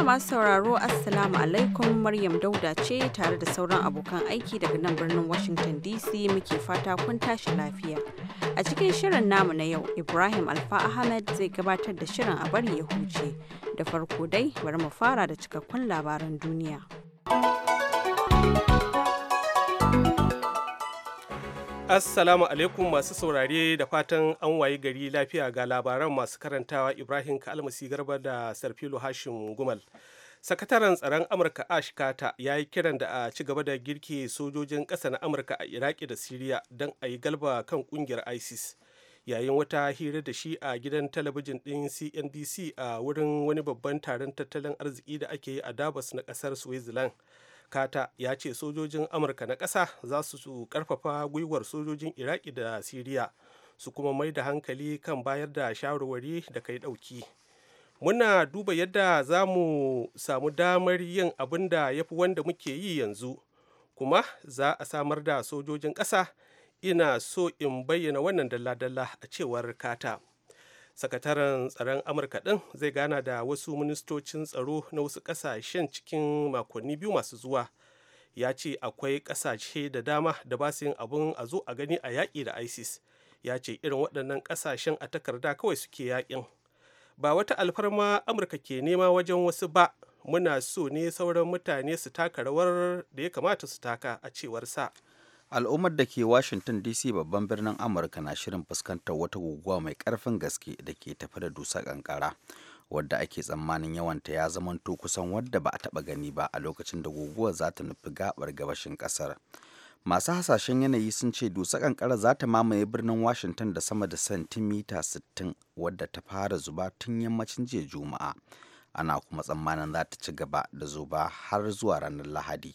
Jama'a masu sauraro Assalamu alaikum Maryam Dauda ce tare da sauran abokan aiki daga nan birnin Washington DC muke fata kun tashi lafiya. A cikin shirin namu na yau, Ibrahim Alfa Ahmed zai gabatar da shirin a bari ya huce. Da farko dai bari mu fara da cikakkun labaran duniya. Assalamu alaikum masu saurare da fatan an wayi gari lafiya ga labaran masu karantawa Ibrahim Kalmasi Garba da Sarfilo Hashim Gumal. Sakataren tsaron Amurka Ash ya yi kiran da a ci gaba da girke sojojin ƙasa na Amurka a Iraki da Siriya don a yi galba kan ƙungiyar ISIS. Yayin wata hira da shi a gidan talabijin ɗin CNBC a wurin wani babban taron tattalin arziki da ake yi a dabas na ƙasar Switzerland. kata ya ce sojojin amurka na ƙasa za su karfafa gwiwar sojojin iraki da siriya su kuma mai da hankali kan bayar da shawarwari da kai ɗauki muna duba yadda za mu samu damar yin abin da ya fi wanda muke yi yanzu kuma za a samar da sojojin ƙasa ina so in bayyana wannan dalla-dalla a cewar kata sakataren tsaron amurka ɗin zai gana da wasu ministocin tsaro na wasu ƙasashen cikin makonni biyu masu zuwa ya ce akwai ƙasashe da dama da ba su yin abun a zo a gani a yaƙi da isis ya ce irin waɗannan ƙasashen a takarda kawai suke yaƙin ba wata alfarma amurka ke nema wajen wasu ba muna so ne sauran mutane su taka rawar da ya kamata su taka a cewar sa al'ummar da ke washington dc babban birnin amurka na shirin fuskantar wata guguwa mai karfin gaske da ke tafi da dusa kankara wadda ake tsammanin yawanta ya zamanto kusan wadda ba a taba gani ba a lokacin da guguwar za ta nufi gabar gabashin kasar masu hasashen yanayi sun ce dusa kankara za ta mamaye birnin washington da sama da santimita 60 wadda ta fara zuba tun yammacin jiya juma'a ana kuma tsammanin za ta ci gaba da zuba har zuwa ranar lahadi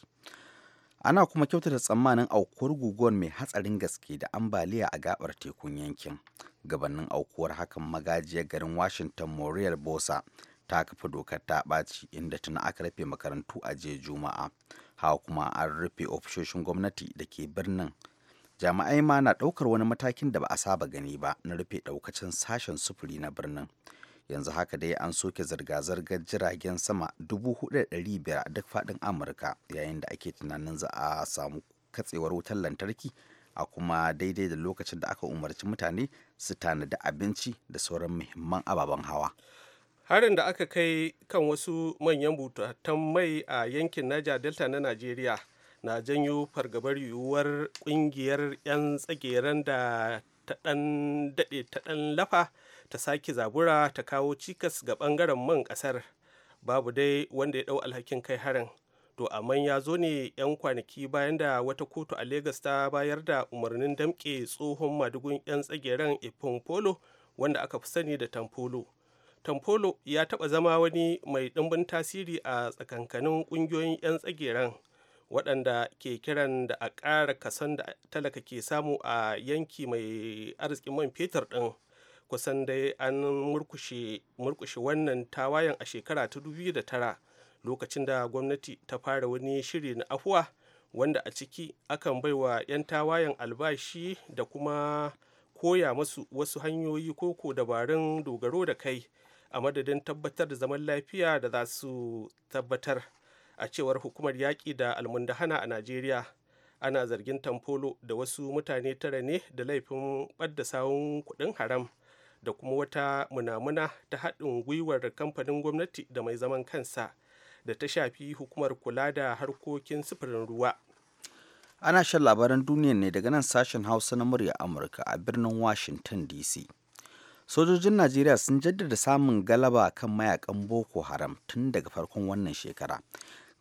ana kuma kyautata tsammanin aukuwar guguwar mai hatsarin gaske da ambaliya a gabar tekun yankin gabanin aukuwar hakan magajiyar garin washington morial bosa ta kafa dokar ta ɓaci inda tuna aka rufe makarantu a jiya juma'a hawa kuma an rufe ofishoshin gwamnati da ke birnin jami'ai ma na ɗaukar wani matakin da ba a saba gani ba na rufe ɗaukacin sashen sufuri na birnin yanzu haka dai an soke zirga-zirgar jiragen sama 4,500 a duk faɗin amurka yayin da ake tunanin za a samu katsewar wutar lantarki a kuma daidai da lokacin da aka umarci mutane su tanadi abinci da sauran muhimman ababen hawa harin da aka kai kan wasu manyan butatan mai a yankin naja delta na najeriya na janyo fargabar yiwuwar kungiyar 'yan tsageren da ta dan daɗe ta dan lafa ta sake zabura ta kawo cikas ga bangaren man kasar babu dai wanda ya dau alhakin kai harin to amma ya zo ne 'yan kwanaki bayan da wata kotu a Legas ta bayar da umarnin damƙe tsohon madugun 'yan tsageren ifon polo wanda aka fi sani da tampolo tampolo ya taɓa zama wani mai ɗimbin tasiri a tsakankanin ƙungiyoyin 'yan tsageren waɗanda ke kiran da a ƙara kason da talaka ke samu a yanki mai arzikin man fetur ɗin kusan dai an murkushe wannan tawayen a shekara ta tara, lokacin da gwamnati ta fara wani shiri na afuwa wanda a ciki akan baiwa 'yan tawayen albashi da kuma koya masu wasu hanyoyi koko dabarun dogaro da kai a madadin tabbatar da zaman lafiya da za su tabbatar a cewar hukumar yaƙi da almundahana a najeriya ana zargin tamfolo da wasu mutane tara ne da laifin ɓadda sawun kuɗin haram da kuma wata munamuna ta haɗin gwiwar kamfanin gwamnati da mai zaman kansa da ta shafi hukumar kula da harkokin sufurin ruwa ana shan labaran duniya ne daga nan sashen hausa na murya amurka a birnin washington dc sojojin najeriya sun jaddada samun galaba kan mayakan boko haram tun daga farkon wannan shekara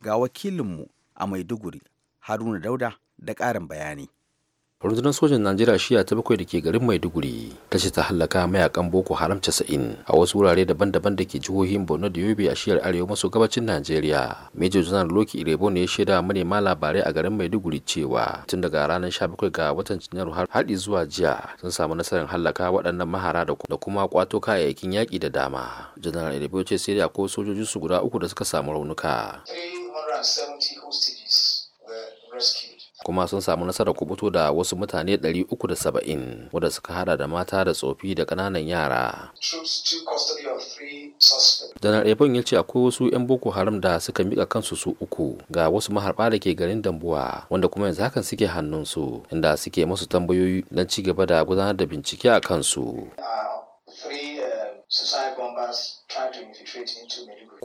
ga wakilinmu a maiduguri haruna dauda da ƙarin bayani rundunar sojan najeriya shiya ta bakwai da ke garin maiduguri ta ce ta hallaka mayakan boko haram casa'in a wasu wurare daban-daban da ke jihohin borno da yobe a shiyar arewa maso gabacin najeriya major general loki irebo ne ya shaida manema labarai a garin maiduguri cewa tun daga ranar 17 ga watan janairu har haɗi zuwa jiya sun samu nasarar hallaka waɗannan mahara da kuma kwato kayayyakin yaƙi da dama general irebo ce sai da akwai sojojin su guda uku da suka samu raunuka 370 hostages were rescued kuma sun samu nasarar kubuto da wasu mutane 370 wadda suka hada da mata da tsofi da kananan yara. Janar Ebon ya ce akwai wasu 'yan Boko Haram da suka mika kansu su uku ga wasu maharba da ke garin Dambuwa wanda kuma yanzu hakan suke hannunsu inda suke masu tambayoyi don ci gaba da gudanar da bincike a kansu.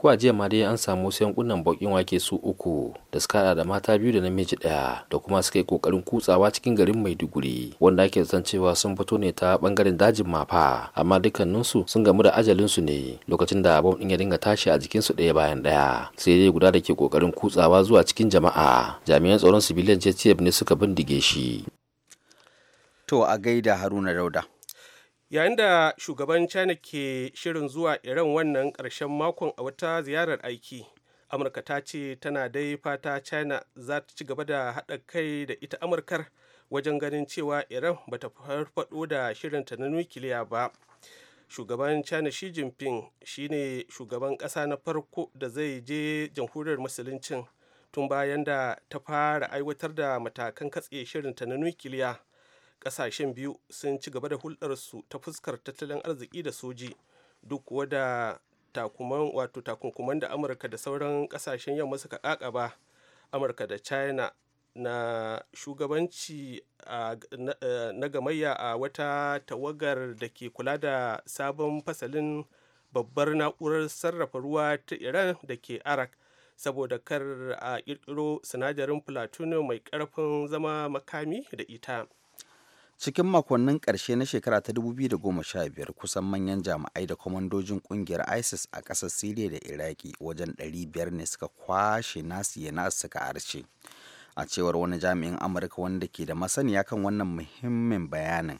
ko a jiya ma dai an samu wasu yankunan bakin wake su uku da suka hada da mata biyu da namiji daya da kuma suka yi kokarin kutsawa cikin garin maiduguri wanda ake zan cewa sun fito ne ta bangaren dajin mafa amma dukkaninsu sun gamu da ajalinsu ne lokacin da bom din ya dinga tashi a jikinsu ɗaya bayan ɗaya sai dai guda da ke kokarin kutsawa zuwa cikin jama'a jami'an tsaron sibiliyan ce ne suka bindige shi to a gaida haruna dauda yayin da shugaban china ke shirin zuwa iran wannan karshen makon a wata ziyarar aiki amurka ta ce tana dai fata china za ta ci gaba da haɗa kai da ita amurkar wajen ganin cewa iran ba ta farfado da shirinta na nukiliya ba shugaban china xi jinping shi ne shugaban ƙasa na farko da zai je jamhuriyar musuluncin tun bayan da ta fara aiwatar da matakan katse shirinta na nukiliya kasashen biyu sun ci gaba da hulɗarsu ta fuskar tattalin arziki da soji duk wada da wato takunkuman da amurka da sauran kasashen yamma suka kakaba amurka da china na shugabanci na gamayya a wata tawagar da ke kula da sabon fasalin babbar na'urar sarrafa ruwa ta iran da ke arak saboda kar a ƙirƙiro sinadarin platinum mai ƙarfin zama makami da ita cikin makonnin ƙarshe na shekara ta 2015 kusan manyan jami'ai da kwamandojin ƙungiyar isis a ƙasar siriya da iraki wajen 500 ne suka kwashe nasu yana suka arce a cewar wani jami'in amurka wanda ke da masaniya kan wannan muhimmin bayanin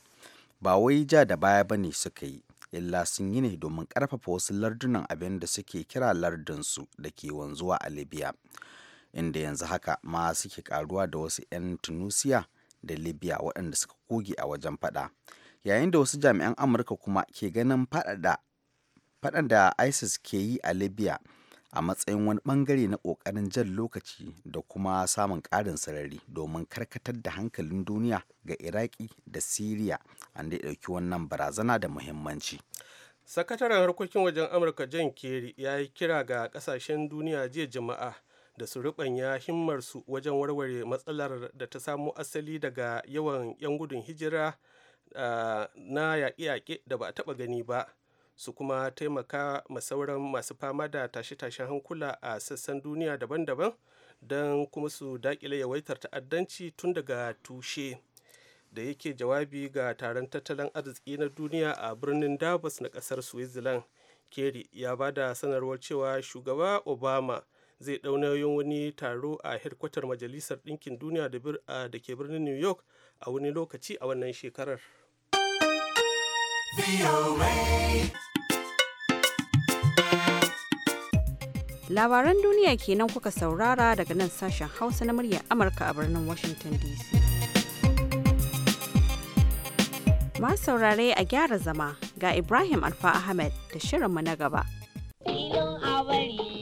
ba wai ja da baya ba ne suka yi illa sun yi ne domin ƙarfafa wasu lardunan abin da suke kira lardunsu da ke wanzuwa a libya inda yanzu haka ma suke karuwa da wasu 'yan tunusiya da libya waɗanda suka goge a wajen fada yayin da wasu jami'an amurka kuma ke ganin faɗan da isis ke yi a libya a matsayin wani bangare na ƙoƙarin jan lokaci da kuma samun ƙarin sarari domin karkatar da hankalin duniya ga iraki da siriya an da ɗauki wannan barazana da muhimmanci sakataren harkokin wajen amurka john kerry ya yi kira ga ƙasashen duniya jiya jama'a da su rubanya su wajen warware matsalar da ta samo asali daga yawan 'yan gudun hijira na yaƙi yaƙe da ba a taɓa gani ba su kuma taimaka masauran masu fama da tashe-tashen hankula a sassan duniya daban-daban don kuma su daƙile yawaitar ta'addanci tun daga tushe da yake jawabi ga taron tattalin arziki na duniya a birnin davos na ƙasar switzerland kerry ya ba da sanarwar cewa shugaba obama zai ɗau nauyin wani taro a hedkwatar majalisar ɗinkin duniya da ke birnin new york a wani lokaci a wannan shekarar labaran duniya kenan kuka saurara daga nan sashen hausa na muryar amurka a birnin washington dc ma saurare a gyara zama ga ibrahim alfa ahmed da shirinmu na gaba.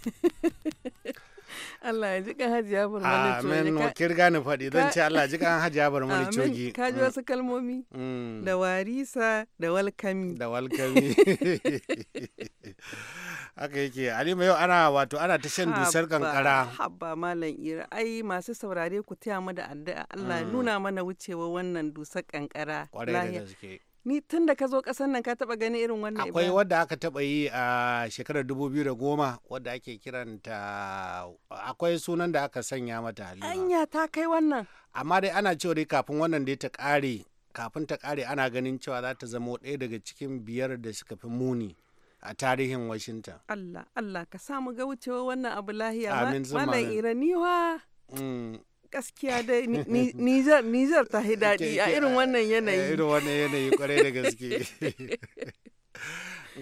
Allah ya ji kan hajiya coji. cogi. wa kirga ni faɗi don ce Allah ji kan hajiya mani cogi. Ka ji mm. wasu kalmomi? Mm. Da warisa da walkami. Da walkami. Haka yake, Alima yau ana wato ana ta shan dusar kankara. Habba malam Ira, ai masu saurare ku taya mu da addu'a Allah mm. nuna mana wucewa wannan dusar kankara. Kwarai da gaske. ni tun da ka zo kasan nan ka taba gani irin wannan akwai wadda aka taba yi a shekarar 2010 wadda ake kiranta akwai sunan da aka sanya mata halima anya ta kai wannan amma dai ana cewa dai kafin wannan dai ta kare kafin ta kare ana ganin cewa za ta zama ɗaya daga cikin biyar da suka fi muni a tarihin washington Allah Allah ka samu ga wucewa wannan abu lahiya malam iraniwa mm. gaskiya dai nizar nizar ta yi daɗi a irin wannan yanayi. Irin wannan yanayi kwarai da gaske.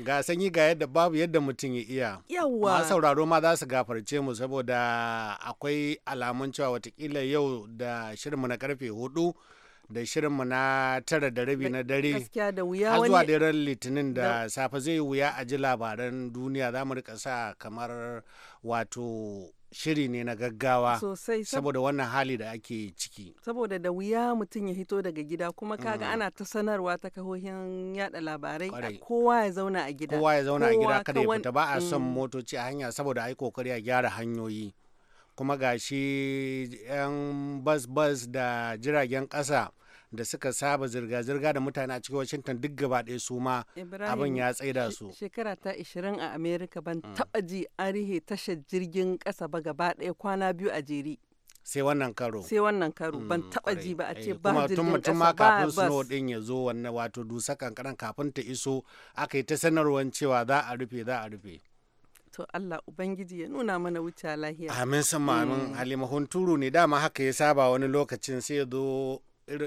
Ga sanyi ga yadda babu yadda mutum ya iya. yawa Ma sauraro ma za su gafarce mu saboda akwai alamun cewa watakila yau da shirinmu na karfe hudu. da shirinmu na tara da rabi na dare har da zuwa daren litinin da safe zai wuya a ji labaran duniya za mu rika sa kamar wato shiri ne na gaggawa sosai saboda wannan hali da ake ciki saboda da wuya mutum ya hito daga gida kuma kaga ga mm. ana ta sanarwa ta kahohin yada labarai kowa ya zauna a gida kowa ya zauna a gida kada ya fita ba a son mm. motoci a hanya saboda ai kokari a gyara hanyoyi kuma gashi yan bas bas da jiragen kasa da suka saba zirga-zirga da mutane a cikin washington duk gaba ɗaya su ma abin ya tsaida su shekara ta 20 a america ban mm. taɓa ji an rihe tashar jirgin ƙasa ba gaba ɗaya kwana biyu a jere sai wannan karo sai wannan karo ban mm, taba ji ba a ce ba jirgin kasa ba kafin snow din ya zo wannan wato dusa kankaran kafin ta iso aka yi ta sanarwar cewa za a rufe za a rufe to Allah ubangiji ya nuna mana wuce lahiya amin sama amin mm. halima hunturu ne dama haka ya saba wani lokacin sai ya zo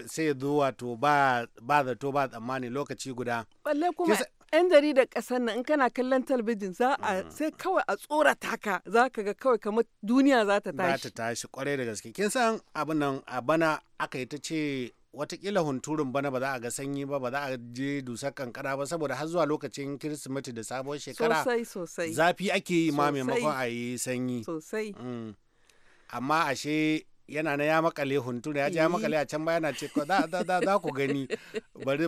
sai zo wato ba zato ba tsammani lokaci guda. Balle kuma yan jaridar ƙasar nan in kana kallon talabijin za a mm. sai kawai a tsorata ka za ka ga kawai kamar duniya za ta tashi. Za ta tashi kwarai da gaske. Kin san abin nan a bana aka yi ta ce watakila hunturun bana ba za a ga sanyi ba ba za a je dusar kankara ba saboda har zuwa lokacin kirsimeti da sabuwar shekara sosai sosai zafi ake yi ma maimakon a yi sanyi sosai mm. amma ashe yana na ya makale hunturu ya ji ya eh. makale a can bayana ce za ku gani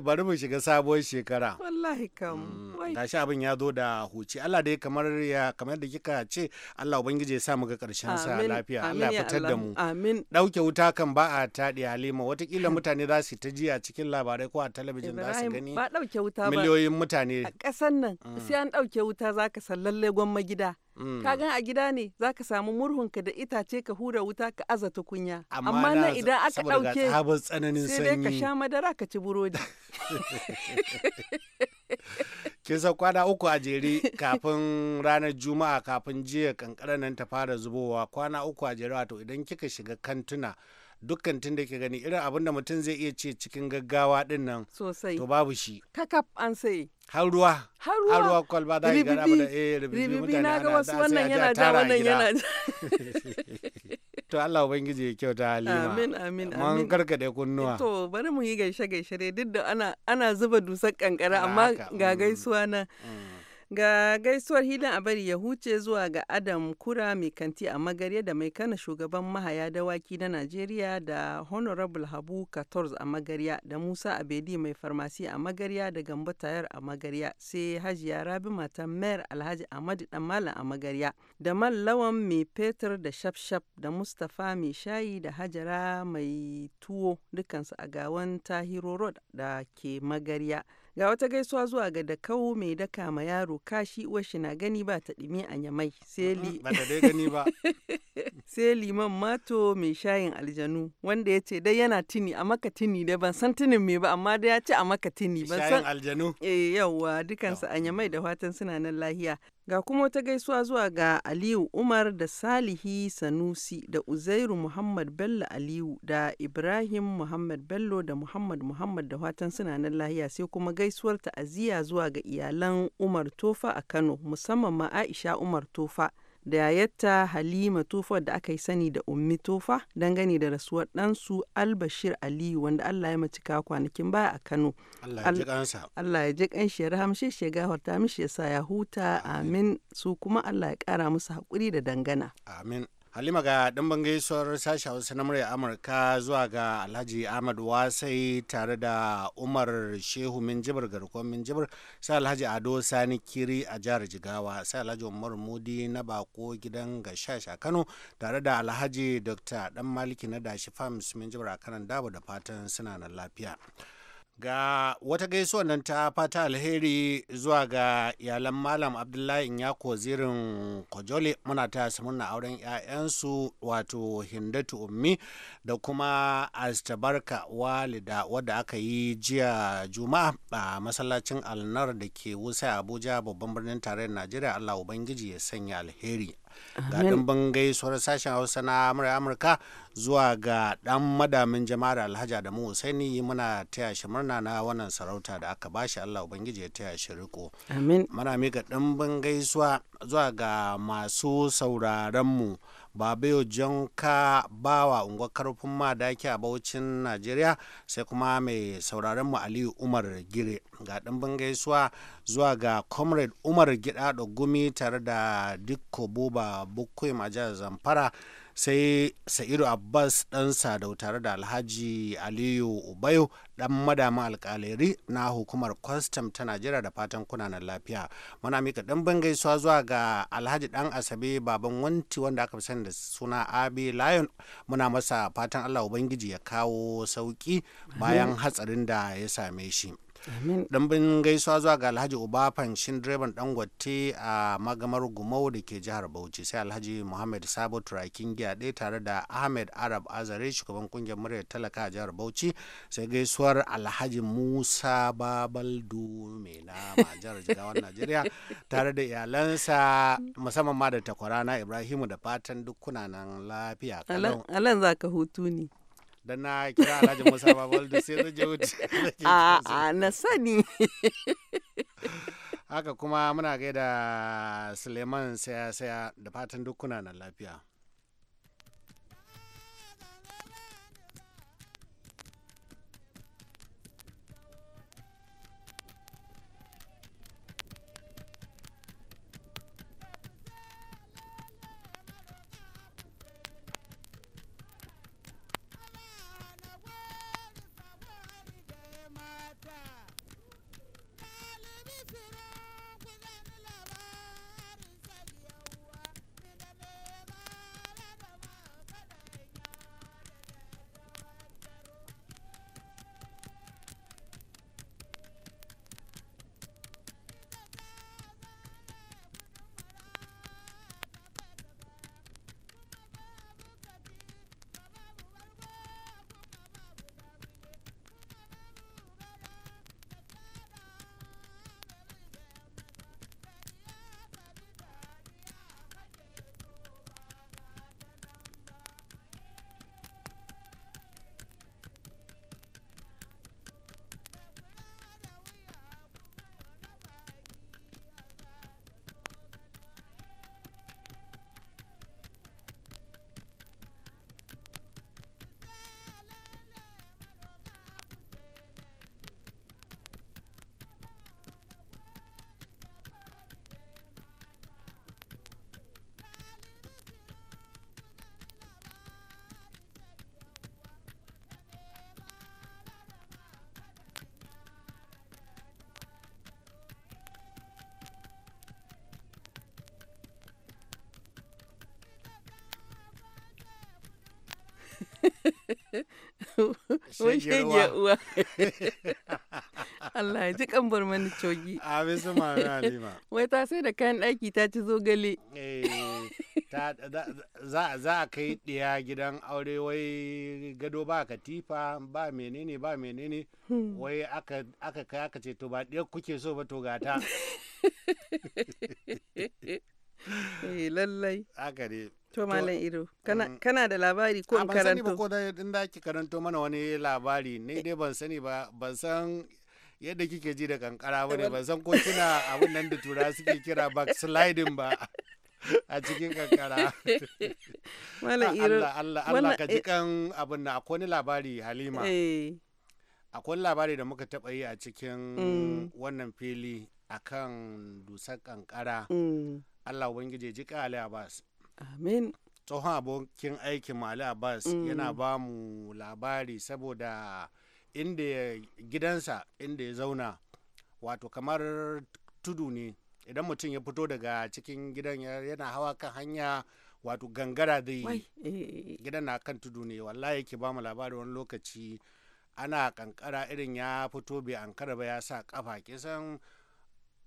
bari mu shiga sabuwar shekara wallahi kam mm, shi abin ya zo da huci Allah dai kamar ya kamar da kika ce Allah ubangiji ya sa mu ga karshen sa lafiya Allah ya fitar da mu amin dauke wuta kan ba a taɗi Halima watakila mutane za su ta ji a cikin labarai ko a talabijin za su gani ba dauke wuta ba miliyoyin mutane a ƙasar nan mm. sai an dauke wuta zaka san lalle gwamma gida Mm. ka gan a gida ne za ka samu murhunka da itace ka hura wuta ka aza tukunya amma na idan aka ɗauke sai dai ka sha madara ka ci burodi kisa san kwana uku a jere kafin ranar juma'a kafin jiya kankara nan ta fara zubowa kwana uku a jere wato idan kika shiga kantuna dukkan tun da ke gani irin abin da mutum zai iya ce cikin gaggawa din nan sosai to babu shi kakaf an sai har ruwa har ruwa kwalba da ga abu da eh ribibi na ga wasu wannan yana da wannan yana to Allah ubangiji ya kyauta halima amin amin amin mun karkade kunnuwa to bari mu yi gaishe gaishe duk da ana ana zuba dusar kankara amma ga mm. gaisuwa na mm. Ga gaisuwar hilin a bari ya huce zuwa ga Adam Kura mai kanti a magarya da mai kana shugaban mahaya dawaki na Najeriya da Honorable Habu Katorz a magarya da Musa Abedi mai farmasi a magarya da Gambo Tayar a magarya sai Hajiya Rabi matan Mayar Alhaji Ahmadu Dan a magarya da man lawan mai Fetur da Shafshaf da Mustapha mai shayi da Hajara mai tuwo dukansu a gawan Tahiro Road da ke magarya. Ga wata gaisuwa zuwa ga kawo mai daka ma yaro kashi uwashi na gani ba ta ɗumi a nyamai. Sai liman mato mai shayin aljanu wanda ya ce dai yana tini a maka tuni dai ban san tunin me ba amma dai ya ce a maka tuni. Shayin aljanu. Eh yawwa dukansu a nyamai da fatan suna nan lahiya. Ga kuma wata gaisuwa zuwa ga Aliyu Umar da Salihi Sanusi da Uzairu Muhammad Bello Aliyu da Ibrahim Muhammad Bello da Muhammad Muhammad da watan suna nan lahiya sai kuma gaisuwar ta'aziyya zuwa ga iyalan Umar Tofa a Kano musamman ma Aisha Umar Tofa. da yayyata Halima tufa da aka yi sani da Ummi Tofa dangane da rasuwar ɗansu Albashir Aliyu wanda Allah ya mace ka kwanakin baya a Kano. Allah ya ji ƙanshi ya kanshi ya rahamshe shi ya gafarta mishi ya sa ya huta amin su kuma Allah ya kara musu haƙuri da dangana. Amin. halima ga ɗan gaisuwar sashi hausa na murya amurka zuwa ga alhaji ahmad wasai tare da umar shehu minjibir garkon minjibir sai alhaji ado sani kiri a jihar jigawa sai alhaji umar mudi na bako gidan ga shasha kano tare da alhaji dr dan maliki na dashi farms minjibir a kanan dabo da fatan suna nan lafiya ga wata gaisuwa nan ta fata alheri zuwa ga iyalan malam abdullahi yako zirin kojole muna ta murna auren 'ya'yansu wato hindatu ummi da kuma astabarka walida wadda aka yi jiya juma'a a masallacin alnar da ke wusa abuja babban birnin tarayyar najeriya allah ubangiji ya sanya alheri ga ɗimbin gaisuwar sashen hausa na amurka zuwa ga ɗan madamin jama'ar alhaji adamu husaini muna taya shi murna na wannan sarauta da aka bashi allah ubangiji ya taya shi riko muna miƙa ɗimbin gaisuwa zuwa ga masu sauraronmu mu ka ba wa unguwar karfin ma madaki a baucin najeriya sai kuma mai sauraron mu aliyu umar gire ga ɗimbin gaisuwa zuwa ga comrade umar gida gumi tare da dikko buba bukwai a zamfara sai sa'idu abbas ɗan sadau tare da alhaji aliyu ubayo ɗan madama alkaleri na hukumar kwastam ta najeriya da fatan kunanan lafiya muna mika ɗan gaisuwa zuwa ga alhaji ɗan asabe baban wanti wanda aka fi sani da suna abi lion muna masa fatan allah ubangiji ya kawo sauki bayan hatsarin da ya same shi Ɗanbin gaisuwa zuwa ga Alhaji Uba Fanshin direban Dangote a magamar Gumau da ke jihar Bauchi sai Alhaji Muhammad Sabo Turakin Giya ɗaya tare da Ahmed Arab Azare shugaban kungiyar murya talaka a jihar Bauchi sai gaisuwar Alhaji Musa Babaldu mai na jihar jigawar Najeriya tare da iyalansa musamman ma da takwarana Ibrahimu da fatan duk nan lafiya. Alan za ka hutu ne. da na kira alhaji musa da sai zai je wuce a na sani haka kuma muna gaida suleiman saya-saya da fatan dukkuna na lafiya wai shege uwa Allah ya ji bar mani cogi abin su halima wai ta sai da kayan ɗaki ta ci zogale eh, za a kai ɗiya gidan aure wai gado ba katifa ba menene ba menene hmm. wai aka kai aka ce to ba ɗiyar kuke so ba to gata eh lallai haka dai to malam ido mm. kana da labari ko in karanto ah, ban sani ba ko da in da ki karanto mana wani labari ne dai ban sani ba ban san yadda kike ji da kankara ba ne ban san ko kina abun nan da tura suke kira backsliding ba a cikin kankara malam ah, ido Allah Allah Allah ka ji eh kan abun nan akwai wani labari Halima eh. akwai labari da muka taɓa yi a cikin mm. wannan fili akan dusar kankara mm. allah ubangiji ji ka ali abbas amin tsohon abokin aikin Ali abbas mm. yana ba mu labari saboda inda gidansa inda ya zauna wato kamar tudu ne idan mutum ya fito daga cikin gidan yana hawa kan hanya wato gangara da yi eh. gidan na kan tudu ne wallahi yake ba mu labari wani lokaci ana kankara irin ya fito bai ankara ba ya sa kafa kisan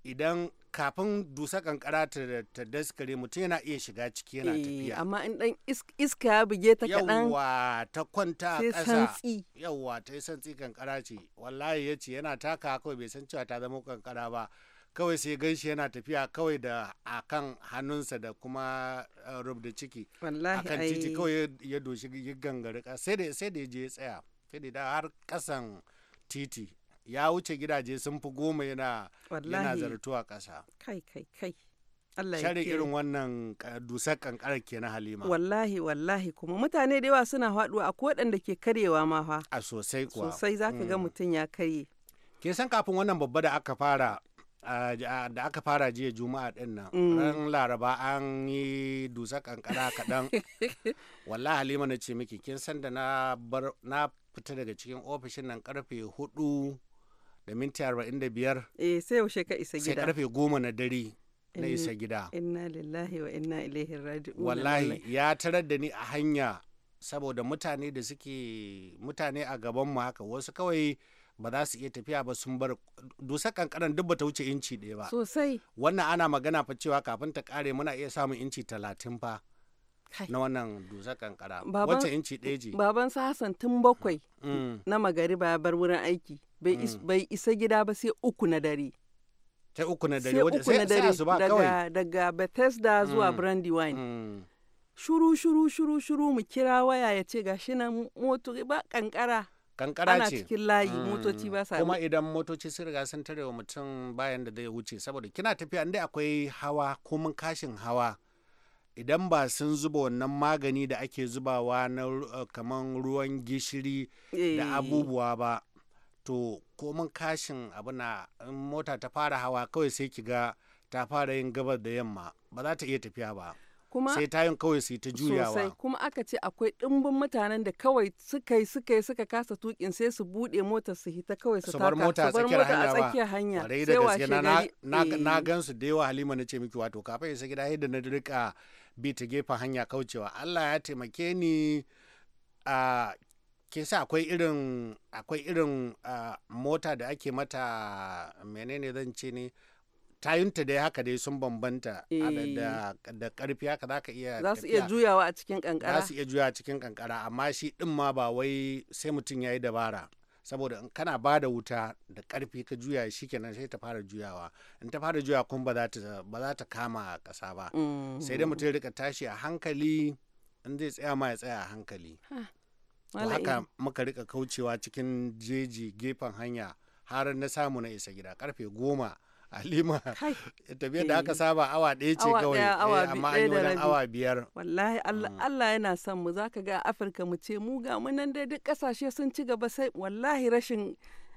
idan kafin dusa kankara ta daskare mutum yana iya shiga ciki yana eh, tafiya amma in dan iska ya buge ta kaɗan yawwa ta kwanta a ƙasa yawwa ta yi santsi kankara ce wallahi ya ce yana taka kawai bai san cewa ta zama kankara ba kawai sai gan shi yana tafiya kawai da akan hannunsa da kuma eh, rubda ciki akan titi kawai ya doshi gangare sai da ya je ya tsaya sai da har kasan titi ya wuce gidaje sun fi goma yana yana a ƙasa kai kai kai Allah share irin wannan dusar kankarar ke na halima wallahi wallahi kuma mutane da yawa suna haɗuwa a waɗanda ke karewa ma fa a sosai kuwa sosai za ka ga mm. mutum ya karye ke san kafin wannan babba da aka fara da aka fara jiya juma'a din nan mm. ran laraba an yi dusar kankara kaɗan wallahi halima na ce miki kin san da na fita daga cikin ofishin nan karfe hudu da minti arba'in da biyar eh, sai yaushe ka isa gida sai karfe goma na dare na isa gida inna lillahi wa inna ilaihi raji'un wallahi ya tarar da ni a hanya saboda mutane da suke mutane a gaban mu haka wasu kawai ba za su iya tafiya ba sun bar dusar kankanan duk bata wuce inci ɗaya ba sosai wannan ana magana fa cewa kafin ta kare muna iya samun inci talatin fa na wannan dusar kankara wacce inci ɗaya baban sa hassan tun bakwai mm. na magari ba bar wurin aiki mm. bai isa gida ba sai uku na dare sai uku na dare sai dare su ba kawai daga bethesda zuwa mm. brandywine shuru shuru shuru shuru mu kira waya ya ce gashi na moto ba kankara kankara ce ana cikin layi motoci ba sa kuma idan motoci sun riga sun wa mutum bayan da zai wuce saboda kina tafiya inda akwai hawa ko mun kashin hawa idan ba sun zuba wannan magani da ake zubawa na eh, kaman ruwan gishiri da eh. abubuwa ba to komin kashin abuna mota ta fara hawa kawai sai ki ga ta fara yin gabar da yamma ba za ta iya tafiya ba kuma sai tayin kawai su ta juyawa sosai kuma aka ce akwai dimbin mutanen da kawai suka yi suka yi suka kasa tukin sai su bude mota su hita kawai su taka mota a tsakiyar hanya sai washe gari na eh. gan su da yawa halima na ce miki wato kafin isa gida yadda na rika bi ta gefen hanya kaucewa allah ya taimake ni a kisa akwai irin akwai irin mota da ake mata menene zan ce ne tayunta dai haka dai sun bambanta da karfi eh. haka za ka iya za su iya juyawa a cikin kankara za su iya juyawa a cikin kankara amma shi din ma ba wai sai mutum ya yi dabara saboda in kana ba da wuta da karfi ka juya shi kenan sai ta fara juyawa in ta fara juya kuma ba za ta kama kasa ba mm-hmm. sai dai mutum rika tashi a hankali in zai tsaya ma ya tsaya a hankali haka muka rika kaucewa cikin jeji gefen hanya har na samu na isa gida karfe goma halima tafiyar da aka eh. saba awa ɗaya ce kawai eh, amma an yi wajen awa biyar wallahi mm. allah yana son mu zaka ga afirka mu ce mu ga munan nan dai duk kasashe sun ci gaba sai wallahi rashin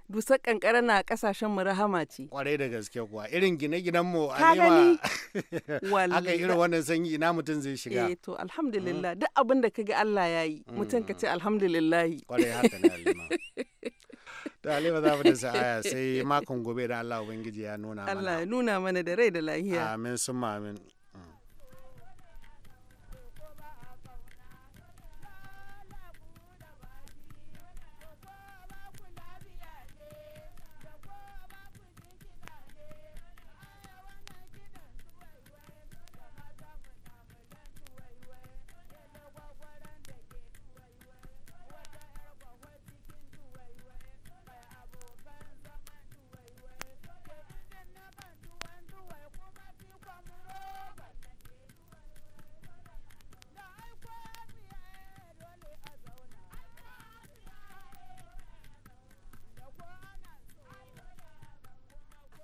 dusar kankara na kasashen mu rahama ce kwarai da gaske kuwa irin gine-ginen mu a nema aka irin wannan sanyi ina mutum zai shiga eh to alhamdulillah mm. duk abin da kaga allah ya yi mutum ka ce mm. alhamdulillah kwarai haka ne halima Halima za mu da sa'aya sai makon gobe da Allah Ubangiji ya nuna mana. Allah ya nuna mana da rai da lahiya. Amin sun amin.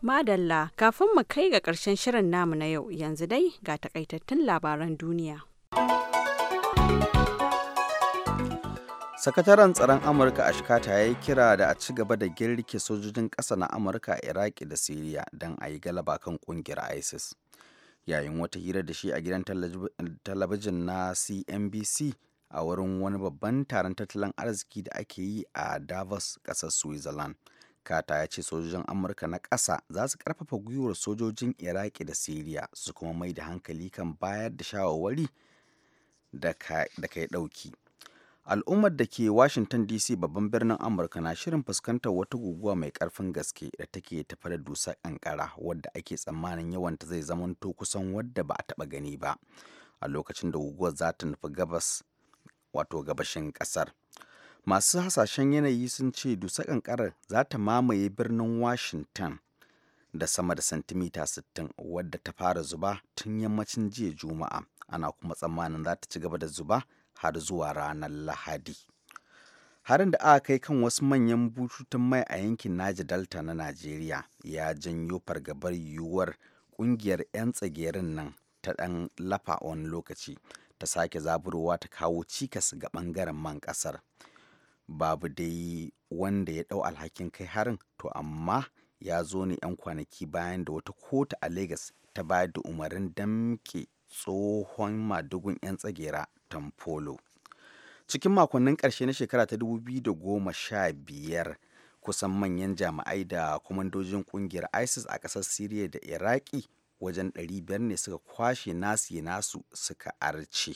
Madalla kafin mu kai ga ƙarshen shirin namu na yau yanzu dai ga takaitattun labaran duniya. Sakataren tsaron Amurka a Shikata ya yi kira da a ci gaba da girke sojojin ƙasa na Amurka a Iraki da Siriya don a yi galaba kan ƙungiyar ISIS. Yayin wata hira da shi a gidan talabijin na CNBC a wurin wani babban taron tattalin arziki da ake yi a Davos, ƙasar Switzerland. kata ya ce sojojin amurka na ƙasa za su ƙarfafa gwiwar sojojin iraki da siriya su kuma mai da hankali kan bayar da shawarwari da ka yi ɗauki al'ummar da ke washington dc babban birnin amurka na shirin fuskantar wata guguwa mai ƙarfin gaske da take tafa da dusar ƙanƙara wadda ake tsammanin yawanta zai zamanto kusan wadda ba a taɓa gani ba a lokacin da guguwar za ta nufi gabas wato gabashin ƙasar masu hasashen yanayi sun ce dusa kankarar za ta mamaye birnin washington da sama da santimita 60 wadda ta fara zuba tun yammacin jiya juma'a ana kuma tsammanin za ta ci gaba da zuba har zuwa ranar lahadi harin da aka kai kan wasu manyan bututun mai a yankin naji delta na najeriya ya janyo fargabar yiwuwar kungiyar 'yan tsagerin nan ta ɗan lafa wani lokaci ta sake zaburowa ta kawo cikas ga ɓangaren man ƙasar. babu dai wanda ya ɗau alhakin kai harin to amma ya zo ne 'yan kwanaki bayan da wata kotu a Legas ta bayar da umarin damke tsohon madugun 'yan tsagera Tamfolo. Cikin makonnin ƙarshe na shekara ta 2015 kusan manyan jami'ai da kwamandojin ƙungiyar ISIS a ƙasar Siriya da Iraki wajen 500 ne suka kwashe nasu nasu suka arce.